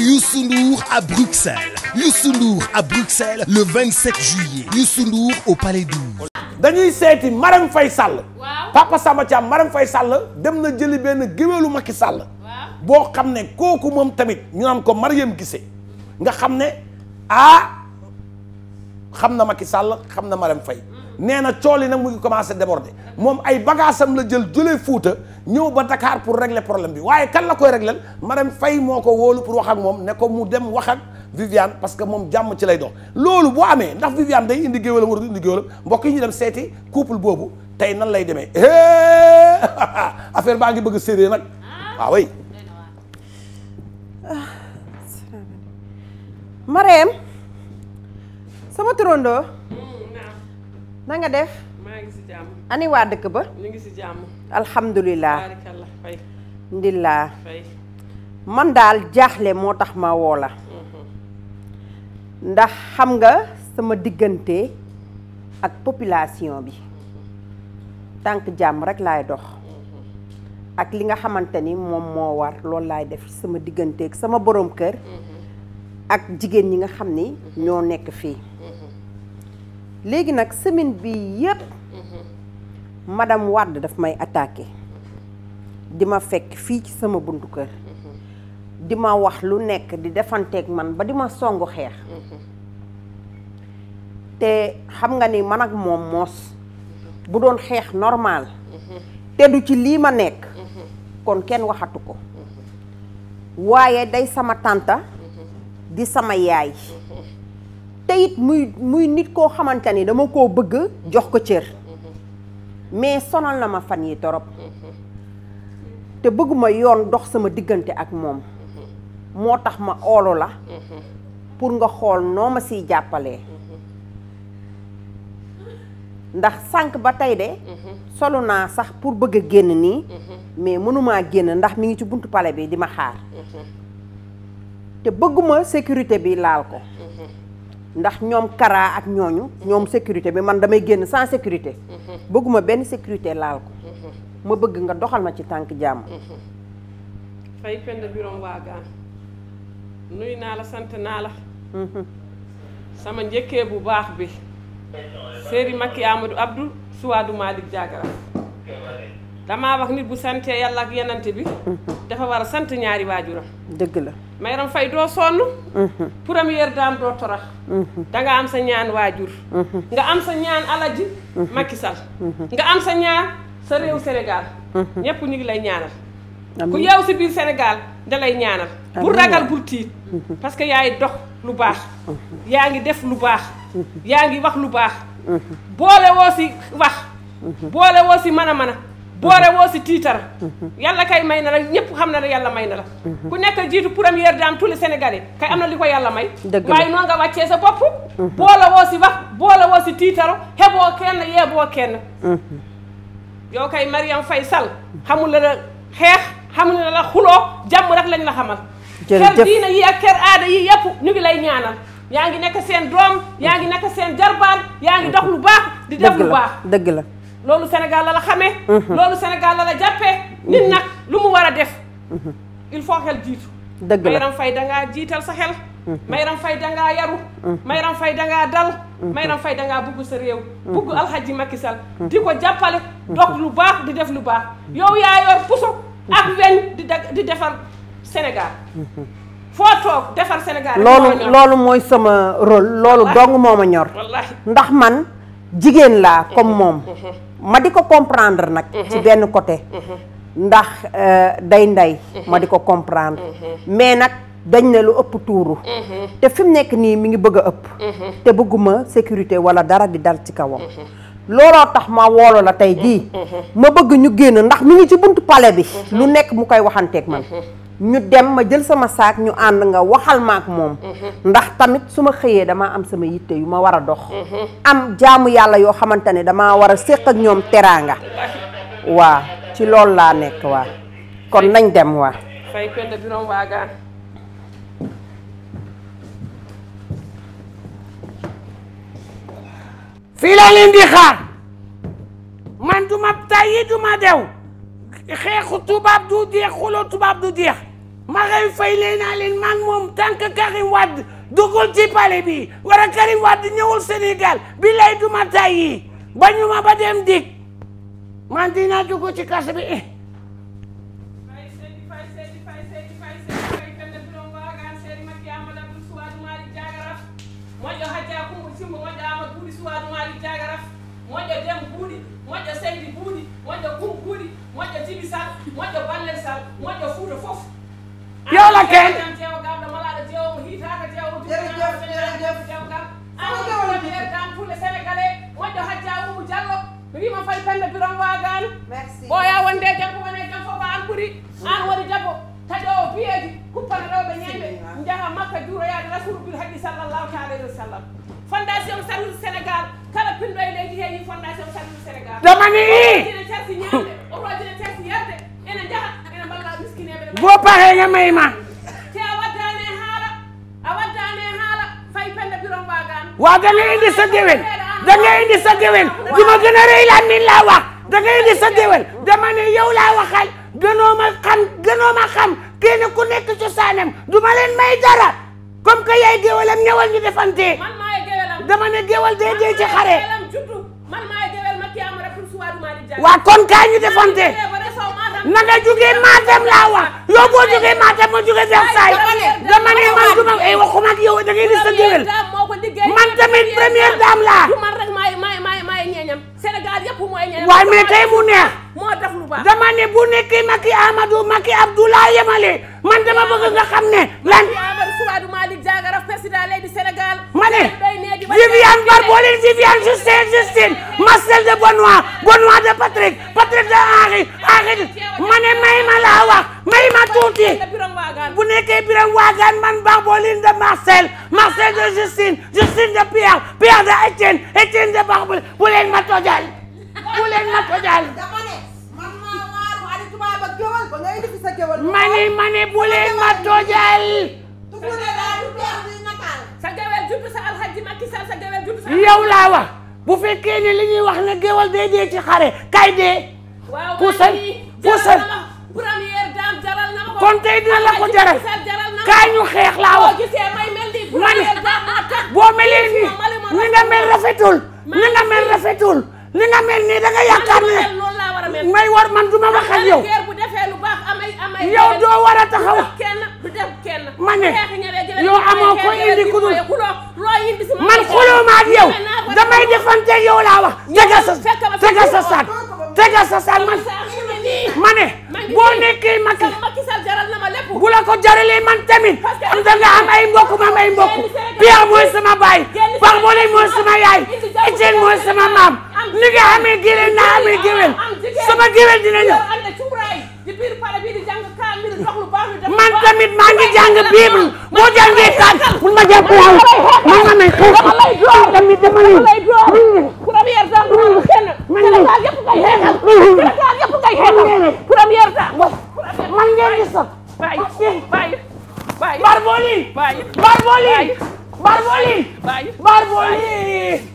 Youssou Ndour à Bruxelles Youssou Ndour à Bruxelles le 27 juillet Youssou Ndour au Palais 12. dañuy seeti Marème Faye Sall. Papa Samba Thiam Marème fay sàll dem na jëli benn géwélu Macky Sall. boo xam ne kooku moom tamit ñu naan ko Mariam gise nga xam ne ah xam na Macky sàll xam na Marème fay nee na cool yi nag mu ngi commencé déborder moom ay bagaasam la jël jëlee Fuuta ñëw ba Dakar pour régler problème bi waaye kan la koy régler madame Faye moo ko wóolu pour wax ak moom ne ko mu dem wax ak Viviane parce que moom jàmm ci lay dox loolu boo amee ndax Viviane day indi géwélam warul indi géwélam mbokk yi ñu dem seeti couple boobu tey nan lay demee affaire baa ngi bëgg a séeréer nag waaw ah. ah, ah, sama turandoo na def. maa ngi dëkk ba. ñu ngi si jàmm. alhamdulilah. baarikàllaa fay. ndilaa man daal jaaxle moo tax ma woo la. Mhm. ndax xam nga sama diggante ak population bi mhm. tànk jàmm rekk laay dox. Mhm. ak li nga xamante ni moom moo war loolu laay def sama diggante ak sama boroom kër. ak jigéen ñi nga xam ni ñoo nekk fii. léegi nag semaine bi yëpp mm-hmm. madame wàdd dafa may attaqué mm-hmm. di ma fekk fii ci sama buntu kër mm-hmm. di ma wax lu nekk di defanteeg man ba di ma song xeex te xam nga ni man ak moom moos bu doon xeex normal te du ci lii ma nekk kon kenn waxatu ko waaye day sama tànta di sama yaay te muy muy nit koo xamante ni dama koo bëgg jox ko cër mais sonal na ma fan yi torop te bëgguma yoon dox sama diggante ak moom moo tax ma oolu la pour nga xool noo ma siy jàppalee ndax sànq ba tey de solu naa sax pour bëgg a génn nii mais mënuma génn ndax mi ngi ci buntu pale bi di ma xaar te bëgguma sécurité bi laal ko ndax ñoom karaa ak ñooñu ñoom sécurité bi man damay génn sans sécurité mm-hmm. bëgguma benn sécurité laal ko mm-hmm. ma bëgg nga doxal ma ci tànk jàmm mm-hmm. fay pend biroom waagaan nuy naa la sant naa la sama njëkkee bu baax bi Seri Makki Amadou Abdou Suwaadu Malick Diagara damaa wax nit bu santee yàlla ak yenante bi mhm. dafa war a sant ñaari waajuram dëgg la Maram Faye doo sonn mhm. première dame doo torax mhm. danga am sa ñaan waajur nga am sa ñaan alaji Macky Sall nga am sa ñaan sa réew Sénégal ñëpp ñu ngi lay ñaanal ku yow si biir senegal dalay lay ñaanal bul ragal bul tiit parce que yaay dox lu baax yaa ngi def lu baax yaa ngi wax lu baax boole woo si wax boole woo si mën a mën a boore woo si tiitara yàlla kay may na la ñëpp xam na ne yàlla may na la ku nekk jiitu première dame tous les sénégalais kay am na li ko yàlla may waaye noo nga wàccee sa bopp boole woo si wax boole woo si tiitaro xeboo kenn yeeboo kenn yow kay Mariam Faye Sall xamul la la xeex xamul na la xuloo jàmm rek lañ la xamal kër diina yi ak kër aada yi yëpp ñu ngi lay ñaanal yaa ngi nekk seen doom yaa ngi nekk seen jarbaan yaa ngi dox lu baax di def lu baax dëgg la loolu Sénégal la la xamee. Mhm. loolu Sénégal la la jàppee. Mhm. nit nag lu mu war a def. Mhm. il faut xel jiitu. dëgg la Mayram Faye dangaa jiital sa xel. Mayram fay dangaa yaru. Mayram fay dangaa dal. Mayram fay dangaa bugg sa réew. bugg alxaji Macky di ko jàppale. dox lu baax di def lu baax. yow yaa yor puso. ak weñ di di defar Sénégal. foo toog defar Sénégal. loolu loolu mooy sama rôle. loolu dong moo ma ñor. ndax man jigéen laa comme moom. ma di ko comprendre nag. ci mhm. benn côté. Mhm. ndax euh, day nday. Mhm. ma di ko comprendre. mais nag dañ ne lu ëpp tuuru. te fi mu nekk nii mi ngi bëgg a ëpp. te bëgguma sécurité wala dara di dal ci kawam. looloo tax ma woolo la tey jii. ma bëgg ñu génn ndax mi ngi ci buntu palais bi. lu nekk mu koy waxanteeg man. ñu dem ma jël sama saak ñu ànd nga waxal ma moom. Mm-hmm. ndax tamit su ma xëyee damaa am sama yitte yu ma war a dox. Mm-hmm. am jaamu yàlla yoo xamante ne damaa war a séq ak ñoom teraanga. waa ci loolu laa nekk waa kon nañ dem waa. fay pend birom waagaan. fii xaar man du tàyyi du dew xeexu tubaab du jeex xuloo tubaab du jeex. Marème Faye nee naa leen man moom tànk Karim Wade duggul ci palais bi war a Karim Wade ñëwul Sénégal bi lay duma tàyyi ba ñu ma ba dem dik man dinaa dugg ci kaso bi eh. moƴƴo hajja kumbo simbo moƴƴo amadou buuɗi suwadu mali jagaraf moƴƴo dem buuɗi moƴƴo seydi buuɗi moƴƴo kum buuɗi moƴƴo tibi sall moƴƴo ballel sall moƴƴo fuuta fof keen wiima fayi pelle biron wagano ɓooya wonde jabbo wone jabbo ko an ɓuuri an woni jabbo taƴo o biyeji huppana rewɓe ñande jaaha makka juuroyade rasulbil haqqi sallllahu taala alayhi wa sallam fondation salude sénégal kala pinɗo e leydi he yi fondation salude sénégal damani ine tersi ñande otojine tersi yerde ene jaaha ene mballa miskineɓe go pareña mayma waa da nga indi sa géwél da nga indi min laa wax da nga indi sa géwél dama ne yow laa waxal gënoo ma xam gënoo ma leen may dara comme que yaay géwalam ñëwal ñu defante dama ne géwal dee dee ci xare waa kon kaa ñu defante na nga jugee laa wax yow boo jugee Matam ma jugee Versailles dama ne man du ma ay eh, waxuma ak yow da ngay man tamit première dame laa. du man rek mu neex. Ah, moo def lu baax dama ne bu nekkee Macky Amadou Macky man dama bëgg nga xam ne lan. Souadou Malick Diagara président lay di Sénégal ma ne Viviane Barboline Viviane Justine Justine Marcel de Benoît Benoît de Patrick Patrick de Henri Henri ma ne may ma laa wax may ma tuuti bu nekkee Biram Waagaan man Barboline de Marcel Marcel de Justine Justine de Pierre Pierre de Étienne Étienne de Barboline bu leen ma tojal bu leen ma tojal ma ne ma ne bu leen ma tojal sa gewel juddu laa wax bu fekkee ne li ñuy wax ne gewel day dee ci xare kay dee. waaw puusal kon tey dina la ko jaral kaay ñu xeex laa wax. man boo melee nii ni nga mel rafetul ni nga mel rafetul ni nga mel nii da nga ne may war man du ma yow yow doo war a taxaw. du ma ne yow amoo ko indi ku man xuloo ma ak yow damay defante laa wax tegal sa tegal sa saat boo nekkee Macky bu la ko jaralee man tamit am da nga am ay mbokk ma mooy sama baay Pax Mole mooy sama yaay Etienne mooy sama maam ni nga amee géwél naa amee géwél sama géwél dina ñëw. man tamit maa ngi jàng bible boo jàngee kaat mun ma jàpp waaw man ma may xeex man tamit dama ne première temps man Sénégal yëpp kay xeexal Sénégal yëpp kay xeexal première temps man ngeen di sot bàyyi bàyyi barboli barboli barboli barboli